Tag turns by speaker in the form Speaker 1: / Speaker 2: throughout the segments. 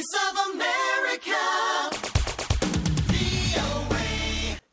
Speaker 1: Voice of America.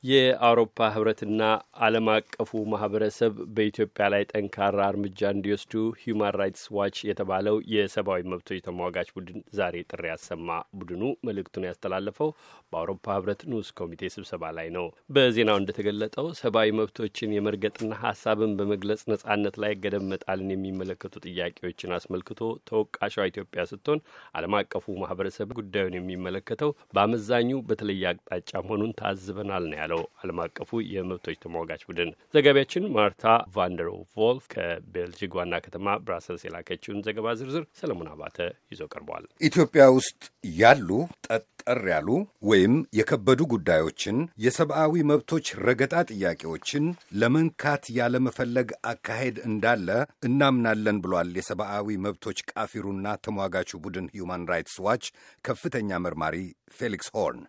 Speaker 2: የአውሮፓ ህብረትና ዓለም አቀፉ ማህበረሰብ በኢትዮጵያ ላይ ጠንካራ እርምጃ እንዲወስዱ ሂዩማን ራይትስ ዋች የተባለው የሰብአዊ መብቶች ተሟጋች ቡድን ዛሬ ጥሪ ያሰማ። ቡድኑ መልእክቱን ያስተላለፈው በአውሮፓ ህብረት ንዑስ ኮሚቴ ስብሰባ ላይ ነው። በዜናው እንደተገለጠው ሰብአዊ መብቶችን የመርገጥና ሀሳብን በመግለጽ ነጻነት ላይ ገደብ መጣልን የሚመለከቱ ጥያቄዎችን አስመልክቶ ተወቃሿ ኢትዮጵያ ስትሆን ዓለም አቀፉ ማህበረሰብ ጉዳዩን የሚመለከተው በአመዛኙ በተለየ አቅጣጫ መሆኑን ታዝበናል ነው ያለው። ያለው ዓለም አቀፉ የመብቶች ተሟጋች ቡድን ዘጋቢያችን ማርታ ቫንደር ቮልፍ ከቤልጅግ ዋና ከተማ ብራሰልስ የላከችውን ዘገባ ዝርዝር ሰለሞን አባተ ይዞ ቀርቧል። ኢትዮጵያ ውስጥ ያሉ ጠጠር ያሉ ወይም የከበዱ ጉዳዮችን፣ የሰብአዊ መብቶች ረገጣ ጥያቄዎችን ለመንካት ያለመፈለግ አካሄድ እንዳለ እናምናለን ብሏል የሰብአዊ መብቶች ቃፊሩና ተሟጋቹ ቡድን ሂዩማን ራይትስ ዋች ከፍተኛ መርማሪ ፌሊክስ ሆርን።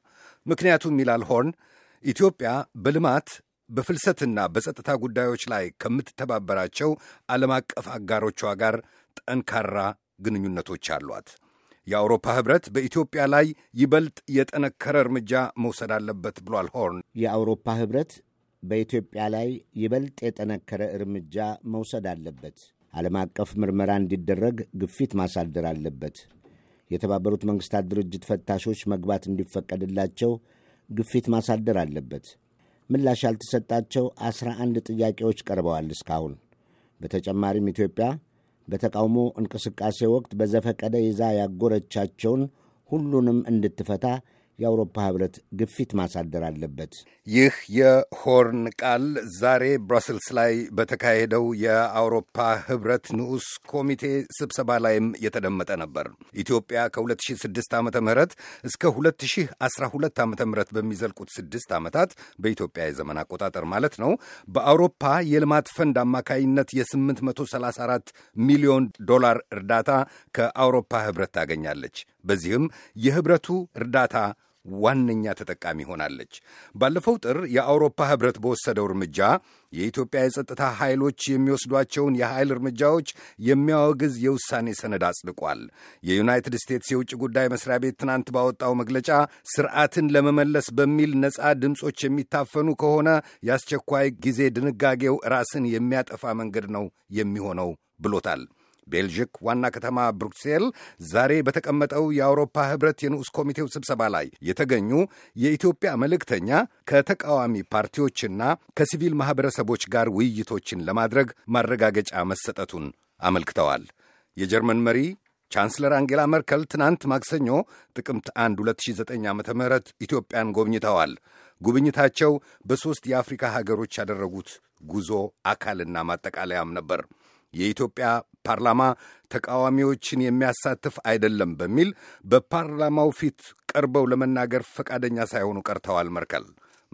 Speaker 2: ምክንያቱም ይላል ሆርን ኢትዮጵያ በልማት በፍልሰትና በጸጥታ ጉዳዮች ላይ ከምትተባበራቸው ዓለም አቀፍ አጋሮቿ ጋር ጠንካራ ግንኙነቶች አሏት። የአውሮፓ ህብረት በኢትዮጵያ ላይ ይበልጥ የጠነከረ እርምጃ መውሰድ አለበት ብሏል ሆርን። የአውሮፓ ህብረት በኢትዮጵያ ላይ ይበልጥ የጠነከረ እርምጃ መውሰድ አለበት። ዓለም አቀፍ ምርመራ እንዲደረግ ግፊት ማሳደር አለበት። የተባበሩት መንግሥታት ድርጅት ፈታሾች መግባት እንዲፈቀድላቸው ግፊት ማሳደር አለበት። ምላሽ ያልተሰጣቸው አስራ አንድ ጥያቄዎች ቀርበዋል እስካሁን። በተጨማሪም ኢትዮጵያ በተቃውሞ እንቅስቃሴ ወቅት በዘፈቀደ ይዛ ያጎረቻቸውን ሁሉንም እንድትፈታ የአውሮፓ ህብረት ግፊት ማሳደር አለበት። ይህ የሆርን ቃል ዛሬ ብራስልስ ላይ በተካሄደው የአውሮፓ ህብረት ንዑስ ኮሚቴ ስብሰባ ላይም የተደመጠ ነበር። ኢትዮጵያ ከ2006 ዓ ም እስከ 2012 ዓ ም በሚዘልቁት ስድስት ዓመታት በኢትዮጵያ የዘመን አቆጣጠር ማለት ነው በአውሮፓ የልማት ፈንድ አማካይነት የ834 ሚሊዮን ዶላር እርዳታ ከአውሮፓ ህብረት ታገኛለች። በዚህም የህብረቱ እርዳታ ዋነኛ ተጠቃሚ ሆናለች። ባለፈው ጥር የአውሮፓ ህብረት በወሰደው እርምጃ የኢትዮጵያ የጸጥታ ኃይሎች የሚወስዷቸውን የኃይል እርምጃዎች የሚያወግዝ የውሳኔ ሰነድ አጽድቋል። የዩናይትድ ስቴትስ የውጭ ጉዳይ መስሪያ ቤት ትናንት ባወጣው መግለጫ ስርዓትን ለመመለስ በሚል ነፃ ድምፆች የሚታፈኑ ከሆነ የአስቸኳይ ጊዜ ድንጋጌው ራስን የሚያጠፋ መንገድ ነው የሚሆነው ብሎታል። ቤልዥክ ዋና ከተማ ብሩክሴል ዛሬ በተቀመጠው የአውሮፓ ህብረት የንዑስ ኮሚቴው ስብሰባ ላይ የተገኙ የኢትዮጵያ መልእክተኛ ከተቃዋሚ ፓርቲዎችና ከሲቪል ማኅበረሰቦች ጋር ውይይቶችን ለማድረግ ማረጋገጫ መሰጠቱን አመልክተዋል። የጀርመን መሪ ቻንስለር አንጌላ መርከል ትናንት ማክሰኞ ጥቅምት 1 2009 ዓ ም ኢትዮጵያን ጎብኝተዋል። ጉብኝታቸው በሦስት የአፍሪካ ሀገሮች ያደረጉት ጉዞ አካልና ማጠቃለያም ነበር። የኢትዮጵያ ፓርላማ ተቃዋሚዎችን የሚያሳትፍ አይደለም በሚል በፓርላማው ፊት ቀርበው ለመናገር ፈቃደኛ ሳይሆኑ ቀርተዋል። መርከል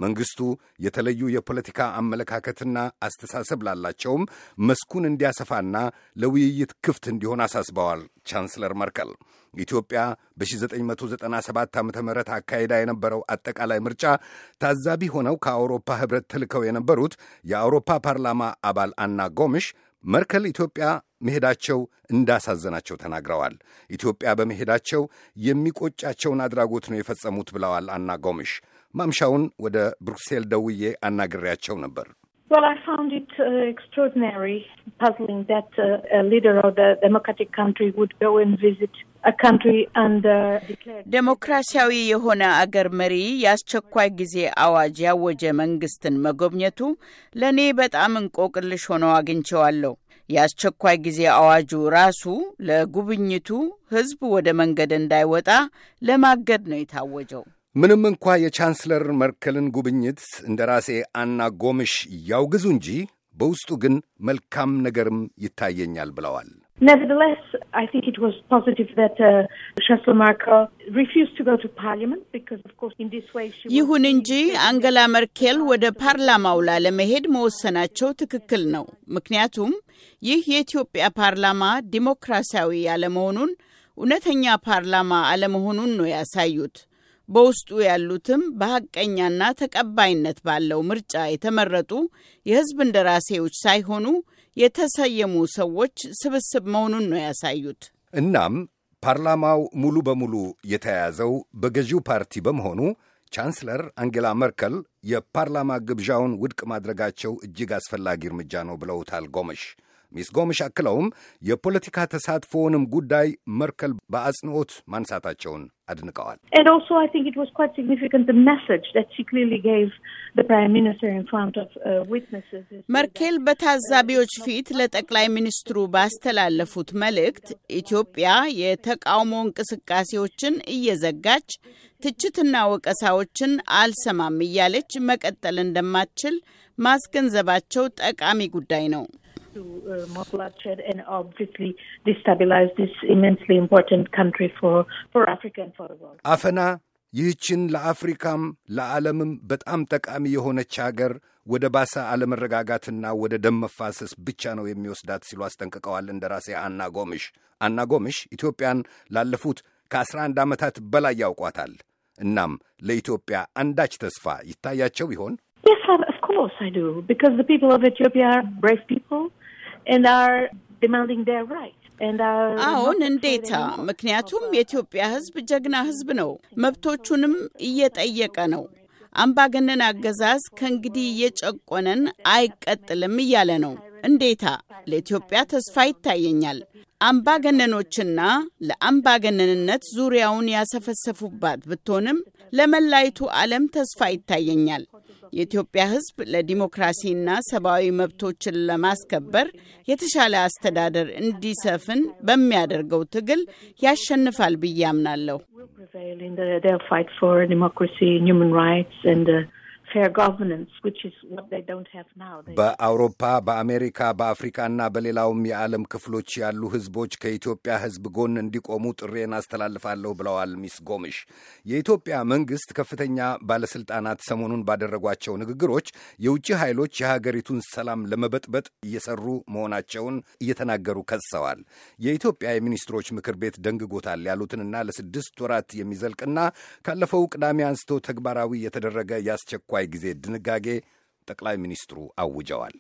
Speaker 2: መንግስቱ የተለዩ የፖለቲካ አመለካከትና አስተሳሰብ ላላቸውም መስኩን እንዲያሰፋና ለውይይት ክፍት እንዲሆን አሳስበዋል። ቻንስለር መርከል ኢትዮጵያ በ1997 ዓ ም አካሄዳ የነበረው አጠቃላይ ምርጫ ታዛቢ ሆነው ከአውሮፓ ህብረት ተልከው የነበሩት የአውሮፓ ፓርላማ አባል አና ጎምሽ መርከል ኢትዮጵያ መሄዳቸው እንዳሳዘናቸው ተናግረዋል። ኢትዮጵያ በመሄዳቸው የሚቆጫቸውን አድራጎት ነው የፈጸሙት ብለዋል አና ጎምሽ። ማምሻውን ወደ ብሩክሴል ደውዬ አናግሬያቸው ነበር።
Speaker 3: Well, I found it uh, extraordinary, puzzling that uh, a leader of the democratic country would go and visit a country and uh, declare.
Speaker 1: ዴሞክራሲያዊ የሆነ አገር መሪ የአስቸኳይ ጊዜ አዋጅ ያወጀ መንግስትን መጎብኘቱ ለእኔ በጣም እንቆቅልሽ ሆኖ አግኝቸዋለሁ። የአስቸኳይ ጊዜ አዋጁ ራሱ ለጉብኝቱ ህዝብ ወደ መንገድ እንዳይወጣ ለማገድ ነው የታወጀው።
Speaker 2: ምንም እንኳ የቻንስለር መርከልን ጉብኝት እንደ ራሴ አና ጎምሽ ያውግዙ እንጂ በውስጡ ግን መልካም ነገርም ይታየኛል ብለዋል።
Speaker 3: uh,
Speaker 1: ይሁን እንጂ አንገላ መርኬል ወደ ፓርላማው ላለመሄድ መወሰናቸው ትክክል ነው። ምክንያቱም ይህ የኢትዮጵያ ፓርላማ ዲሞክራሲያዊ ያለመሆኑን፣ እውነተኛ ፓርላማ አለመሆኑን ነው ያሳዩት። በውስጡ ያሉትም በሐቀኛና ተቀባይነት ባለው ምርጫ የተመረጡ የሕዝብ እንደራሴዎች ሳይሆኑ የተሰየሙ ሰዎች ስብስብ መሆኑን ነው ያሳዩት።
Speaker 2: እናም ፓርላማው ሙሉ በሙሉ የተያያዘው በገዢው ፓርቲ በመሆኑ ቻንስለር አንጌላ መርከል የፓርላማ ግብዣውን ውድቅ ማድረጋቸው እጅግ አስፈላጊ እርምጃ ነው ብለውታል ጎመሽ። ሚስ ጎምሽ አክለውም የፖለቲካ ተሳትፎውንም ጉዳይ መርከል በአጽንኦት ማንሳታቸውን አድንቀዋል።
Speaker 3: uh,
Speaker 1: መርኬል በታዛቢዎች ፊት ለጠቅላይ ሚኒስትሩ ባስተላለፉት መልእክት ኢትዮጵያ የተቃውሞ እንቅስቃሴዎችን እየዘጋች ትችትና ወቀሳዎችን አልሰማም እያለች መቀጠል እንደማትችል ማስገንዘባቸው ጠቃሚ ጉዳይ ነው። more
Speaker 3: bloodshed and obviously destabilize this immensely important country for, for Africa and for the world.
Speaker 2: አፈና ይህችን ለአፍሪካም ለዓለምም በጣም ጠቃሚ የሆነች አገር ወደ ባሰ አለመረጋጋትና ወደ ደም መፋሰስ ብቻ ነው የሚወስዳት ሲሉ አስጠንቅቀዋል። እንደራሴ አና ጎምሽ አና ጎምሽ ኢትዮጵያን ላለፉት ከ11 ዓመታት በላይ ያውቋታል። እናም ለኢትዮጵያ አንዳች ተስፋ ይታያቸው ይሆን?
Speaker 3: Yes, of course I do, because the people of Ethiopia are brave people.
Speaker 1: አሁን እንዴታ! ምክንያቱም የኢትዮጵያ ሕዝብ ጀግና ሕዝብ ነው፣ መብቶቹንም እየጠየቀ ነው። አምባገነን አገዛዝ ከእንግዲህ እየጨቆነን አይቀጥልም እያለ ነው። እንዴታ! ለኢትዮጵያ ተስፋ ይታየኛል። አምባገነኖችና ለአምባገነንነት ዙሪያውን ያሰፈሰፉባት ብትሆንም ለመላይቱ ዓለም ተስፋ ይታየኛል። የኢትዮጵያ ሕዝብ ለዲሞክራሲና ሰብአዊ መብቶችን ለማስከበር የተሻለ አስተዳደር እንዲሰፍን በሚያደርገው ትግል ያሸንፋል ብዬ አምናለሁ።
Speaker 2: በአውሮፓ በአሜሪካ በአፍሪካና በሌላውም የዓለም ክፍሎች ያሉ ሕዝቦች ከኢትዮጵያ ሕዝብ ጎን እንዲቆሙ ጥሬን አስተላልፋለሁ ብለዋል ሚስ ጎምሽ። የኢትዮጵያ መንግሥት ከፍተኛ ባለሥልጣናት ሰሞኑን ባደረጓቸው ንግግሮች የውጭ ኃይሎች የሀገሪቱን ሰላም ለመበጥበጥ እየሰሩ መሆናቸውን እየተናገሩ ከሰዋል። የኢትዮጵያ የሚኒስትሮች ምክር ቤት ደንግጎታል ያሉትንና ለስድስት ወራት የሚዘልቅና ካለፈው ቅዳሜ አንስቶ ተግባራዊ የተደረገ ያስቸኳይ ጊዜ ድንጋጌ ጠቅላይ ሚኒስትሩ አውጀዋል።